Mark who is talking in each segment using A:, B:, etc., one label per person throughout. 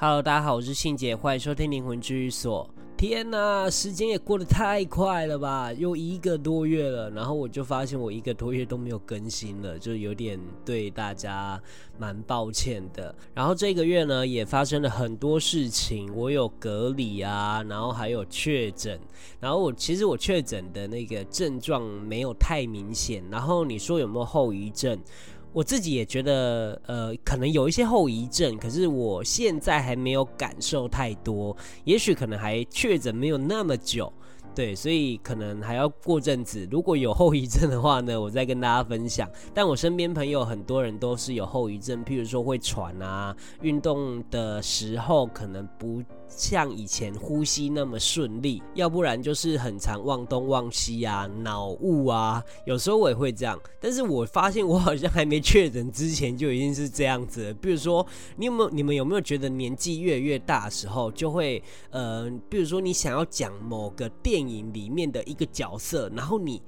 A: Hello，大家好，我是信姐，歡迎收聽靈魂治癒所。天吶，時間也過得太快了吧，又一個多月了。然後我就發現我一個多月都沒有更新了，就有點對大家蠻抱歉的。然後這個月呢，也發生了很多事情，我有隔離啊，然後還有確診。然後我其實我確診的那個症狀沒有太明顯。然後你說有沒有後遺症？我自己也覺得，呃，可能有一些後遺症，可是我現在還沒有感受太多，也許可能還確診沒有那麼久，對，所以可能還要過陣子，如果有後遺症的話呢，我再跟大家分享。但我身邊朋友很多人都是有後遺症，譬如說會喘啊，運動的時候可能不。像以前呼吸那麼順利，要不然就是很常忘東忘西啊，腦霧啊，有時候我也會這樣。但是我發現我好像還沒確診之前就已經是這樣子了。比如說，你有沒有？你們有沒有覺得年紀越越大的時候，就會呃，比如說你想要講某個電影裡面的一個角色，然後你。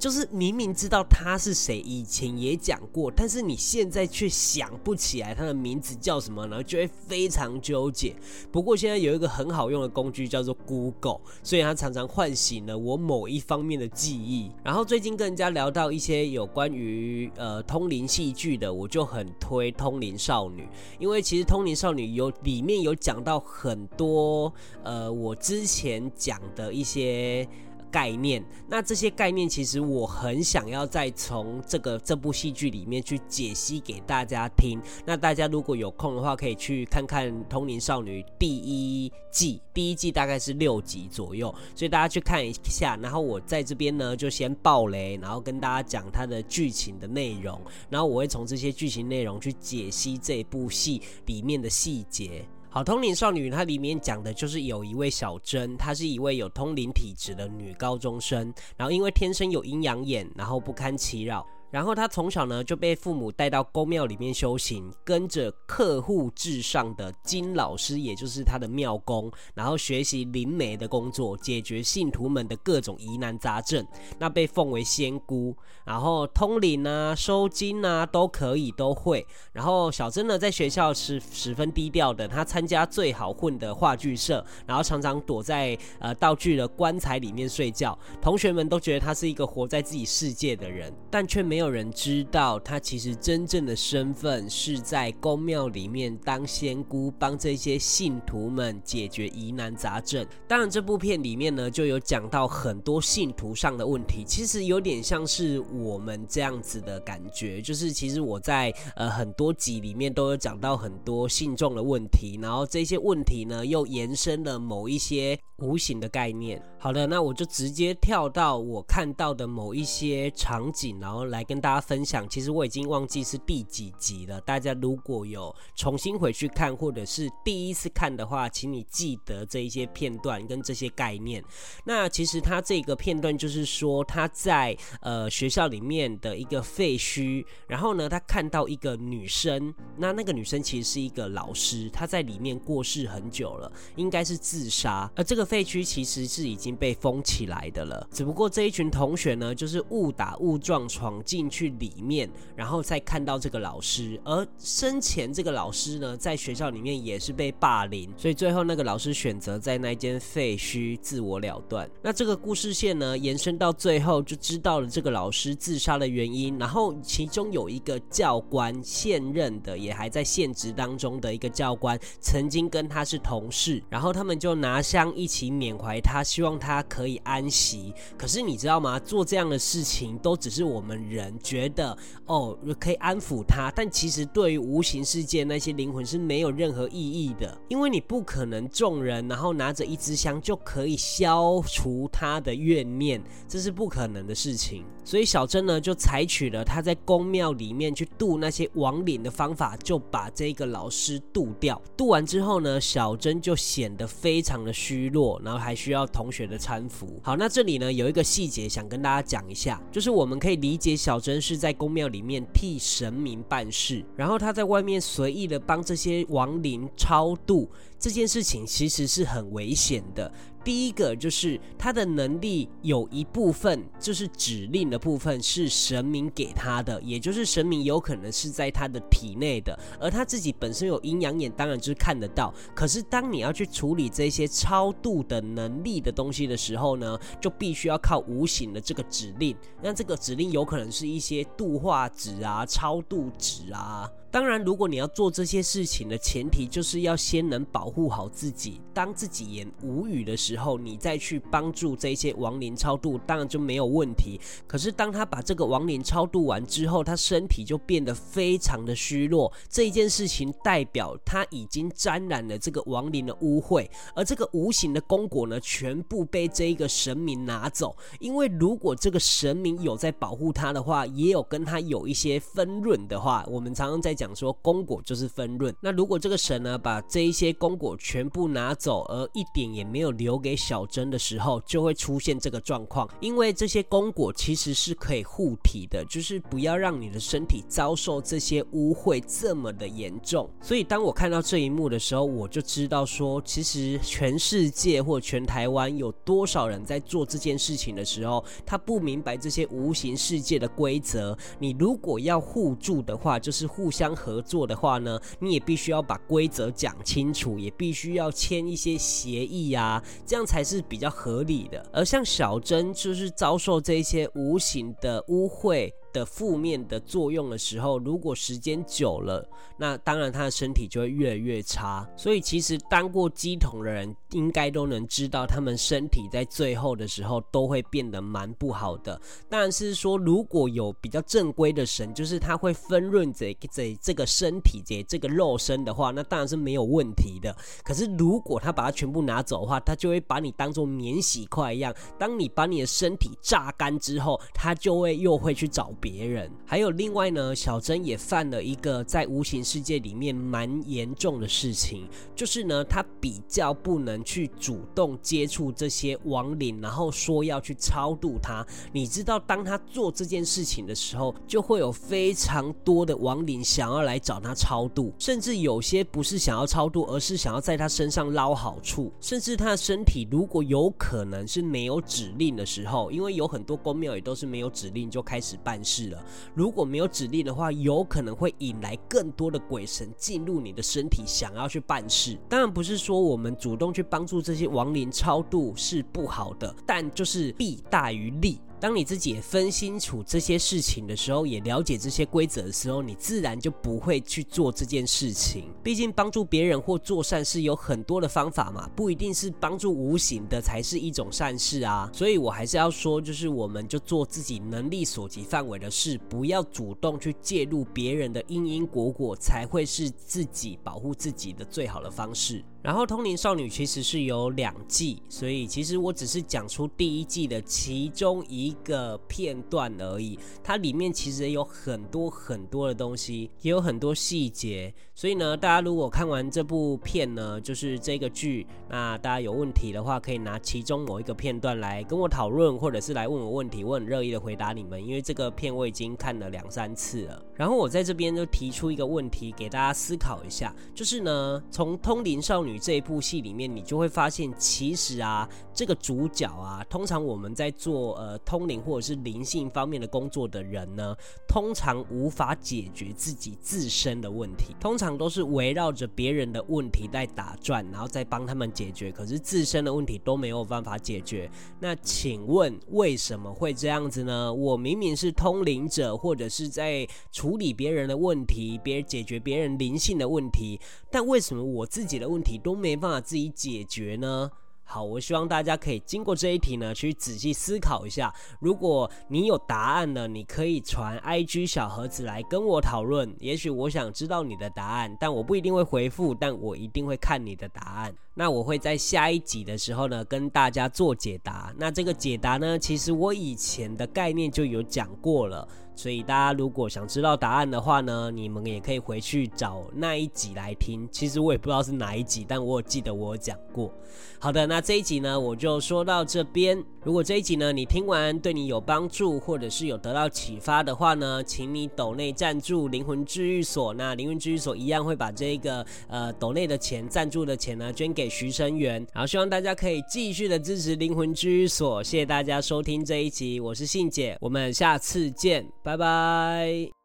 A: 就是明明知道他是誰，以前也講過，但是你現在卻想不起來他的名字叫什麼呢，然後就會非常糾結。不過現在有一個很好用的工具叫做 Google，所以它常常喚醒了我某一方面的記憶。然後最近跟人家聊到一些有關於呃通靈戲劇的，我就很推《通靈少女》，因為其實《通靈少女》有裡面有講到很多呃我之前講的一些。概念，那這些概念其實我很想要再從這個這部戲劇裡面去解析給大家聽。那大家如果有空的話，可以去看看《通靈少女》第一季，第一季大概是六集左右，所以大家去看一下。然後我在這邊呢就先爆雷，然後跟大家講它的劇情的內容，然後我會從這些劇情內容去解析這部戲裡面的細節。好，通靈少女，它裡面講的就是有一位小珍，她是一位有通靈體質的女高中生，然後因為天生有陰陽眼，然後不堪其擾。然後他從小呢就被父母帶到宮廟裡面修行，跟着客戶至上的金老師，也就是他的廟公，然後學習靈媒的工作，解決信徒們的各種疑難雜症。那被奉為仙姑，然後通靈啊、收金啊都可以都會。然後小真呢在學校是十分低調的，她參加最好混的話劇社，然後常常躲在呃道具的棺材裡面睡覺，同學們都覺得他是一個活在自己世界的人，但卻沒。沒有人知道他其實真正的身份是在宮廟裡面當仙姑，幫這些信徒們解決疑難雜症。當然，這部片裡面呢就有講到很多信徒上的問題，其實有點像是我們這樣子的感覺。就是其實我在呃很多集裡面都有講到很多信眾的問題，然後這些問題呢又延伸了某一些無形的概念。好的，那我就直接跳到我看到的某一些場景，然後來。跟大家分享，其實我已經忘記是第幾集了。大家如果有重新回去看，或者是第一次看的話，請你記得這一些片段跟這些概念。那其實他這個片段就是說他在呃學校裡面的一個廢墟，然後呢他看到一個女生，那那個女生其實是一個老師，她在裡面過世很久了，應該是自殺。而這個廢墟其實是已經被封起來的了，只不過這一群同學呢，就是誤打誤撞闖進。進去裡面，然後再看到這個老師，而生前這個老師呢，在學校裡面也是被霸凌，所以最後那個老師選擇在那間廢墟自我了斷。那這個故事線呢，延伸到最後就知道了這個老師自殺的原因。然後其中有一個教官，現任的也還在現職當中的一個教官，曾經跟他是同事，然後他們就拿香一起緬懷他，希望他可以安息。可是你知道嗎？做這樣的事情都只是我們人。覺得哦可以安撫他，但其實對於無形世界那些靈魂是沒有任何意義的，因為你不可能眾人，然後拿着一支香就可以消除他的怨念，這是不可能的事情。所以小珍呢，就採取了他在宮廟裡面去渡那些亡靈的方法，就把這個老師渡掉。渡完之後呢，小珍就顯得非常的虛弱，然後還需要同學的攙扶。好，那這裡呢，有一個細節想跟大家講一下，就是我們可以理解小真是在宮廟裡面替神明辦事，然後他在外面隨意的幫這些亡靈超度，這件事情其實是很危險的。第一個就是他的能力有一部分就是指令的部分是神明給他的，也就是神明有可能是在他的體內的，而他自己本身有陰陽眼，當然就是看得到。可是當你要去處理這些超度的能力的東西的時候呢，就必須要靠無形的這個指令。那這個指令有可能是一些度化值啊、超度值啊。當然，如果你要做這些事情的前提，就是要先能保護好自己。當自己也無語的時候，你再去幫助這些亡靈超度，當然就沒有問題。可是，當他把這個亡靈超度完之後，他身體就變得非常的虛弱。這一件事情代表他已經沾染了這個亡靈的污穢，而這個無形的功果呢，全部被這一個神明拿走。因為如果這個神明有在保護他的話，也有跟他有一些分潤的話，我們常常在，講說功果，就是分潤。那如果這個神呢，把這一些功果全部拿走，而一點也沒有留給小珍的時候，就會出現這個狀況。因為這些功果其實是可以護體的，就是不要讓你的身體遭受這些污穢這麼的嚴重。所以當我看到這一幕的時候，我就知道說，其實全世界或全台灣有多少人在做這件事情的時候，他不明白這些無形世界的規則。你如果要互助的話，就是互相。合作的話呢，你也必須要把規則講清楚，也必須要簽一些協議啊，這樣才是比較合理的。而像小珍，就是遭受這些無形的污穢的負面的作用的時候，如果時間久了，那當然他的身體就會越來越差。所以其實當過乩童的人，應該都能知道，他們身體在最後的時候都會變得蠻不好的。但是說如果有比較正規的神，就是他會分潤這這這個身體這這個肉身的話，那當然是沒有問題的。可是如果他把它全部拿走的話，他就會把你當做免洗筷一樣。當你把你的身體榨乾之後，他就會又會去找。別人。還有另外呢，小珍也犯了一個在無形世界裡面蠻嚴重的事情，就是呢，他比較不能去主動接觸這些亡靈，然後說要去超度他。你知道，當他做這件事情的時候，就會有非常多的亡靈想要來找他超度，甚至有些不是想要超度，而是想要在他身上撈好處。甚至他的身體如果有可能是沒有指令的時候，因為有很多宮廟也都是沒有指令就開始辦事。是了，如果沒有指令的話，有可能會引來更多的鬼神進入你的身體，想要去辦事。當然不是說我們主動去幫助這些亡靈超度是不好的，但就是弊大於利。當你自己也分清楚這些事情的時候，也了解這些規則的時候，你自然就不會去做這件事情。畢竟幫助別人或做善事有很多的方法嘛，不一定是幫助無形的才是一種善事啊。所以，我還是要說，就是我們就做自己能力所及範圍的事，不要主動去介入別人的因因果果，才會是自己保護自己的最好的方式。然後《通靈少女》其實是有兩季，所以其實我只是講出第一季的其中一個片段而已。它裡面其實也有很多很多的東西，也有很多細節。所以呢，大家如果看完這部片呢，就是這個劇，那大家有問題的話，可以拿其中某一個片段來跟我討論，或者是來問我問題，我很樂意的回答你們。因為這個片我已經看了兩三次了。然後我在這邊就提出一個問題給大家思考一下，就是呢，從《通靈少女》。這一部戲裡面，你就會發現，其實啊，這個主角啊，通常我們在做呃通靈或者是靈性方面的工作的人呢，通常無法解決自己自身的問題，通常都是圍繞着別人的問題在打轉，然後再幫他們解決，可是自身的問題都沒有辦法解決。那請問為什麼會這樣子呢？我明明是通靈者，或者是在處理別人的問題，別人解決別人靈性的問題，但為什麼我自己的問題，都沒辦法自己解決呢。好，我希望大家可以經過這一題呢，去仔細思考一下。如果你有答案呢，你可以傳 IG 小盒子來跟我討論。也許我想知道你的答案，但我不一定會回覆，但我一定會看你的答案。那我會在下一集的時候呢，跟大家做解答。那這個解答呢，其實我以前的概念就有講過了。所以大家如果想知道答案的話呢，你們也可以回去找那一集來聽。其實我也不知道是哪一集，但我記得我講過。好的，那這一集呢，我就說到這邊。如果這一集呢，你聽完對你有幫助，或者是有得到啟發的話呢，請你抖內贊助靈魂治癒所。那靈魂治癒所一樣會把這個呃抖內的錢贊助的錢呢捐給徐生源。然後希望大家可以繼續的支持靈魂治癒所。謝謝大家收聽這一集，我是信姐，我們下次見。拜。拜拜。